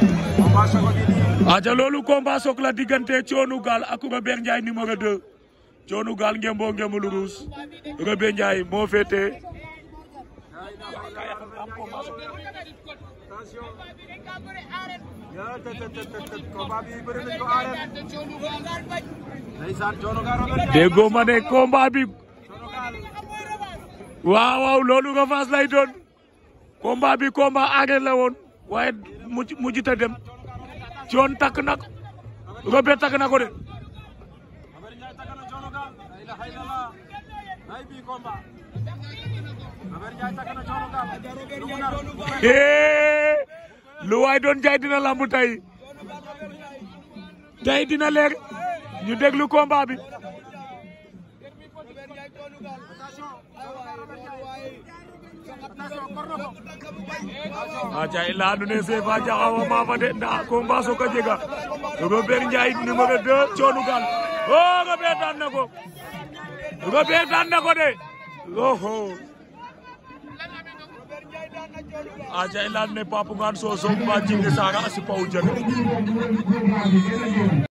aja loolu combat sok la diggante cionou gal ak Robert ndjay numéro 2 Thionou Gaal ngembo ngembul ruus Robert Ndiaye ndjay mo fété ma mané combat bi waaw waaw nga fas lay don combat bi combat arène la won waaye mujj mujj dem coon takk na ko takk na ko de ee eh, lu waay doon jaay dina lamb tey dina leer ñu déglu combat bi aca i leya nuun ee CFA Diakhao de nda combat soog a jega Robert Ndiaye numéro 2 Thione Kane o Robert daan na ko Robert daan na ko de oho aca i leya nuun ee Pape Ngane Sosokh mba Djingue Sarr a